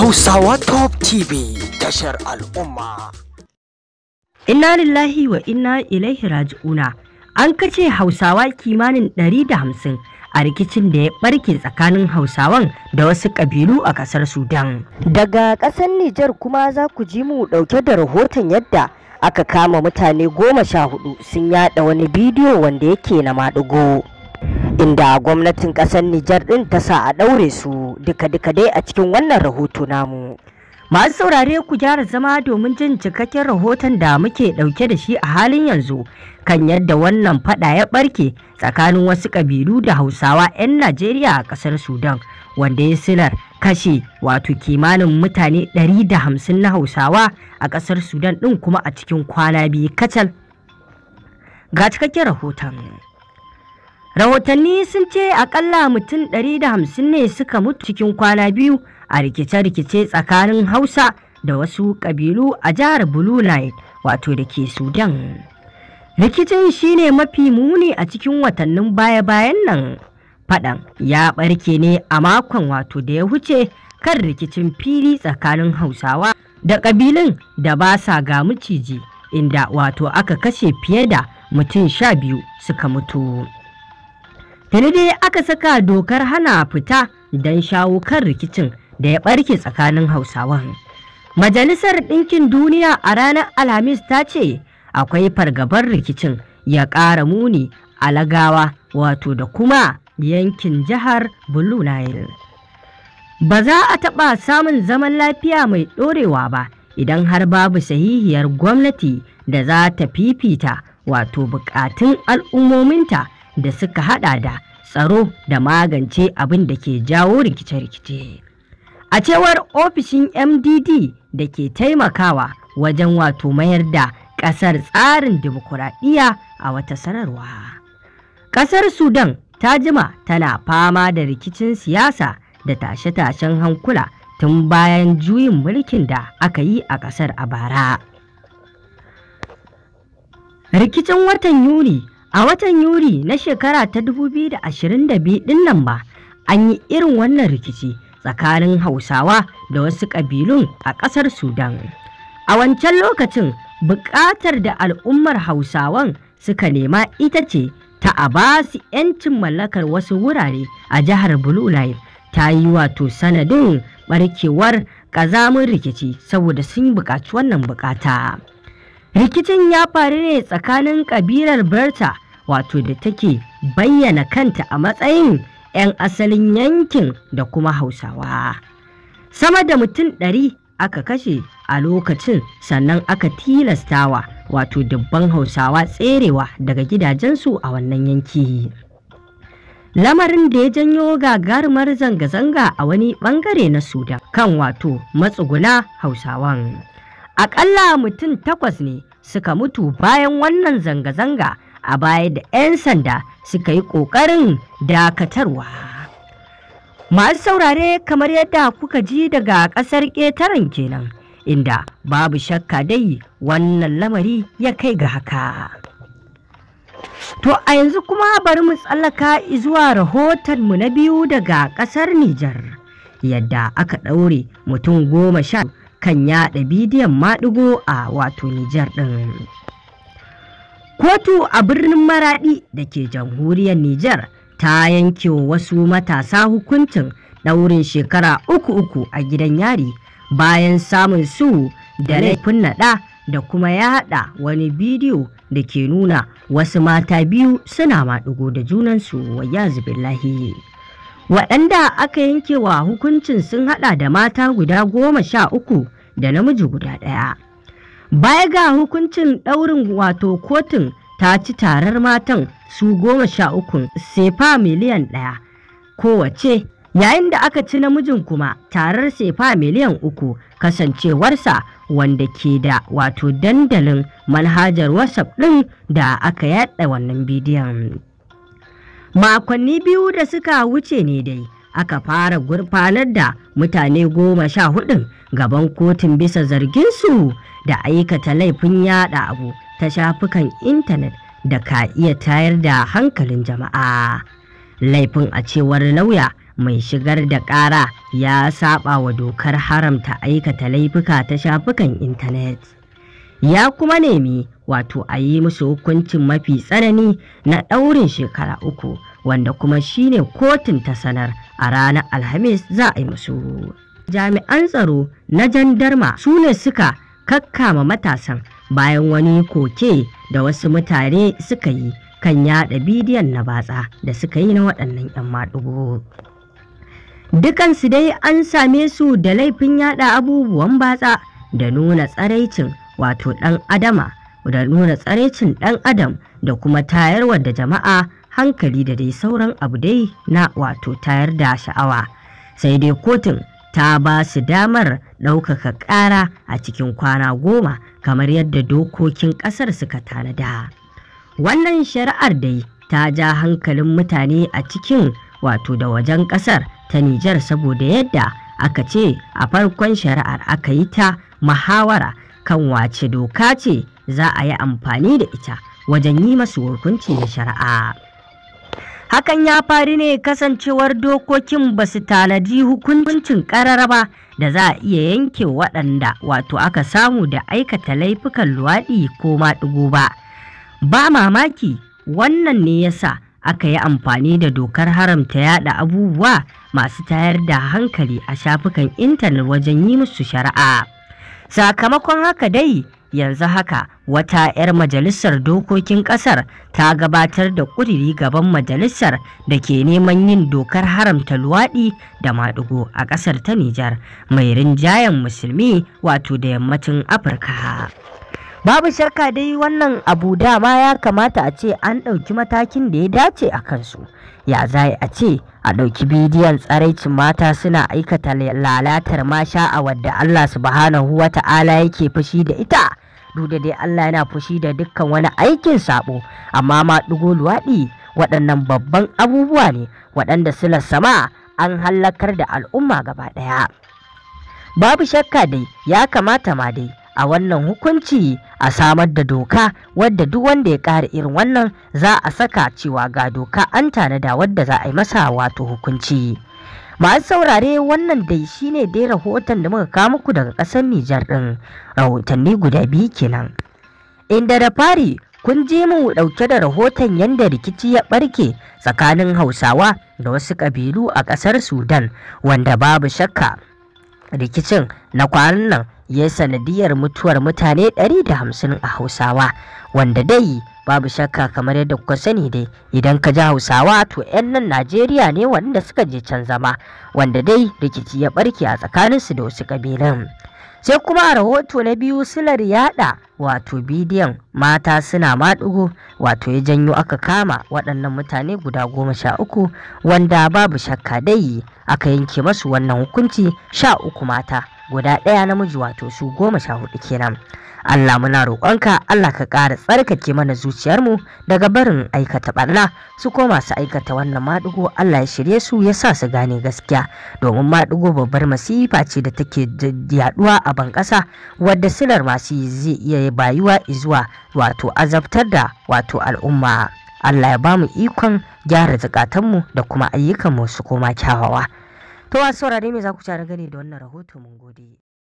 Hausawa Top TV tashar al'umma. Inna lillahi wa inna ilaihi raji'una. An kace Hausawa kimanin ɗari da hamsin a rikicin da ya ɓarke tsakanin Hausawan da wasu ƙabilu a ƙasar Sudan. Daga ƙasar Nijar kuma za ku ji mu ɗauke da rahoton yadda aka kama mutane goma sha hudu sun yaɗa wani bidiyo wanda yake na maɗigo. inda gwamnatin ƙasar Nijar ɗin ta sa a ɗaure su duka-duka dai a cikin wannan rahoto namu. Masu saurare ku gyara zama domin jin cikakken rahoton da muke ɗauke da shi a halin yanzu kan yadda wannan fada ya barke tsakanin wasu kabilu da Hausawa 'yan Najeriya a ƙasar Sudan wanda ya silar kashe wato kimanin mutane 150 na Hausawa a ƙasar Sudan ɗin kuma a cikin kwana biyu kacal. Ga cikakken rahoton. Rahotanni sun ce akalla mutum ɗari da hamsin ne suka mutu cikin kwana biyu a rikice-rikice tsakanin Hausa da wasu ƙabilu a jihar Blue Nile wato da ke Sudan. Rikicin shi ne mafi muni a cikin watannin baya-bayan nan. Faɗan ya ɓarke ne a makon wato da ya huce kan rikicin fili tsakanin Hausawa da ƙabilun da ba sa ga miciji inda wato aka kashe fiye da mutum sha biyu suka mutu. Tuni dai aka saka dokar hana fita don shawo kan rikicin da ya barke tsakanin Hausawan. Majalisar Ɗinkin Duniya a ranar Alhamis ta ce akwai fargabar rikicin ya ƙara muni a Lagawa wato da kuma yankin jihar Blue Nile. Ba za a taɓa samun zaman lafiya mai ɗorewa ba idan har babu sahihiyar gwamnati da za ta fifita wato buƙatun al'ummominta da suka hada da tsaro da magance abin da ke jawo rikice-rikice. A cewar ofishin MDD da ke taimakawa wajen wato mayar da ƙasar tsarin dimokuraɗiyya a wata sanarwa. Ƙasar Sudan ta jima tana fama da rikicin siyasa da tashe-tashen hankula tun bayan juyin mulkin da aka yi a ƙasar a bara. Rikicin watan Yuli A watan Yuli na shekara ta 2022 ɗin nan ba, an yi irin wannan rikici tsakanin Hausawa da wasu ƙabilun a ƙasar Sudan. A wancan lokacin, buƙatar da al'ummar Hausawan suka nema ita ce ta a ba su 'yancin mallakar wasu wurare a jihar Blue Line ta yi wato sanadin barkewar ƙazamin rikici saboda sun buƙaci wannan buƙata. rikicin ya faru ne tsakanin kabilar berta wato da take bayyana kanta a matsayin 'yan asalin yankin da kuma hausawa sama da mutum ɗari aka kashe a lokacin sannan aka tilastawa wato dubban hausawa tserewa daga gidajensu a wannan yanki lamarin da ya janyo gagarumar zanga-zanga a wani bangare na sudan kan wato matsuguna hausawan Aƙalla mutum takwas ne suka mutu bayan wannan zanga-zanga a baya da 'yan sanda suka yi ƙoƙarin dakatarwa. Masu saurare kamar yadda kuka ji daga ƙasar ƙetaren kenan, inda babu shakka dai wannan lamari ya kai ga haka. To a yanzu kuma bari mu tsallaka zuwa rahotonmu na biyu daga ƙasar Nijar, yadda aka ɗaure mutum goma sha kan yaɗa bidiyon maɗigo a wato Nijar ɗin. Kotu a birnin Maraɗi da ke jamhuriyar Nijar ta yanke wasu matasa hukuncin ɗaurin shekara uku uku a gidan yari bayan samun su da laifin naɗa da kuma yaɗa wani bidiyo da ke nuna wasu mata biyu suna maɗigo da junansu wa yazubillahi. Waɗanda aka yanke wa hukuncin sun haɗa da mata guda goma sha uku da namiji guda ɗaya. Baya ga hukuncin ɗaurin wato kotun ta ci tarar matan su goma sha uku sefa miliyan ɗaya kowace yayin da aka ci namijin kuma tarar sefa miliyan uku kasancewarsa wanda ke da wato dandalin manhajar whatsapp ɗin da aka yaɗa wannan bidiyon makonni biyu da suka wuce ne dai aka fara gurfanar da mutane goma sha hudun gaban kotun bisa zarginsu da aikata laifin yada abu ta shafukan intanet da ka iya tayar da hankalin jama'a laifin a cewar lauya mai shigar da ƙara ya saba wa dokar haramta aikata laifuka ta shafukan intanet ya kuma nemi wato a yi musu hukuncin mafi tsanani na ɗaurin shekara uku wanda kuma shine kotun ta sanar a ranar alhamis za a yi musu jami'an tsaro na jandarma su ne suka kakkama matasan bayan wani koke da wasu mutane suka yi kan yada bidiyon na batsa da suka yi na waɗannan 'yan maɗugo. Dukansu dai an same su da laifin yada abubuwan batsa da nuna tsaraicin wato ɗan adama da nuna tsaraicin ɗan adam da kuma tayarwar da jama'a hankali da dai sauran abu dai na wato tayar da sha'awa sai dai kotun ta ba su damar ɗaukaka ƙara a cikin kwana goma kamar yadda dokokin ƙasar suka tanada wannan shari'ar dai ta ja hankalin mutane a cikin wato da wajen ƙasar ta nijar saboda yadda aka ce a farkon shari'ar aka yi ta mahawara kan wace doka ce za a yi amfani da ita wajen yi masu hukunci da shari'a. Hakan ya faru ne kasancewar dokokin ba su tanadi hukuncin karara ba da za a iya yanke waɗanda wato aka samu da aikata laifukan luwaɗi ko maɗigo ba. Ba mamaki wannan ne yasa aka yi amfani da dokar haramta yaɗa abubuwa masu tayar da hankali a shafukan intanet wajen yi musu shari'a. Sakamakon haka dai yanzu haka wata 'yar majalisar dokokin kasar ta gabatar da ƙudiri gaban majalisar da ke neman yin dokar haramta luwaɗi da maɗigo a ƙasar ta Nijar mai rinjayen musulmi wato da yammacin Afirka. babu shakka dai wannan abu dama ya kamata a ce an ɗauki matakin da ya dace a kansu ya zai a ce a ɗauki bidiyon tsaraicin mata suna aikata lalatar masha a wadda Allah subhanahu wa ta'ala yake fushi da ita duk da dai Allah yana fushi da dukkan wani aikin sabo amma ma ɗugo luwaɗi waɗannan babban abubuwa ne waɗanda suna sama an hallakar da al'umma gaba ɗaya babu shakka dai ya kamata ma dai a wannan hukunci a samar da doka wadda duk wanda ya ƙara irin wannan za a saka cewa ga doka an tanada wadda za a yi masa wato hukunci masu saurare wannan dai shine dai rahoton da muka kawo muku daga ƙasar Nijar ɗin rahotanni guda biyu kenan inda da fari kun je mu ɗauke da rahoton yadda rikici ya ɓarke tsakanin hausawa da wasu ƙabilu a ƙasar sudan wanda babu shakka rikicin na kwanan nan ya yi sanadiyar mutuwar mutane 150 a hausawa wanda dai babu shakka kamar yadda kuka sani dai idan ka ji hausawa to 'yan nan najeriya ne wanda suka je can zama wanda dai rikici ya barke a tsakaninsu da wasu ƙabilun sai kuma a rahoto na biyu silar yada wato bidiyon mata suna maɗigo wato ya janyo aka kama waɗannan mutane guda goma sha uku wanda babu shakka dai aka yanke masu wannan hukunci sha uku mata guda ɗaya namiji wato su goma sha hudu kenan Allah muna roƙonka Allah ka ƙara tsarkake mana zuciyarmu daga barin aikata ɓalla. su koma su aikata wannan maɗigo Allah ya shirye su ya sa su gane gaskiya domin maɗigo babbar masifa ce da take yaɗuwa a ban ƙasa wadda silar masu zai iya da bayuwa izuwa wato azabtar da wato al'umma Allah ya ba mu ikon gyara zakatanmu da kuma ayyukanmu su koma kyawawa to wasu saurare me za ku ci gani da wannan rahoto mun gode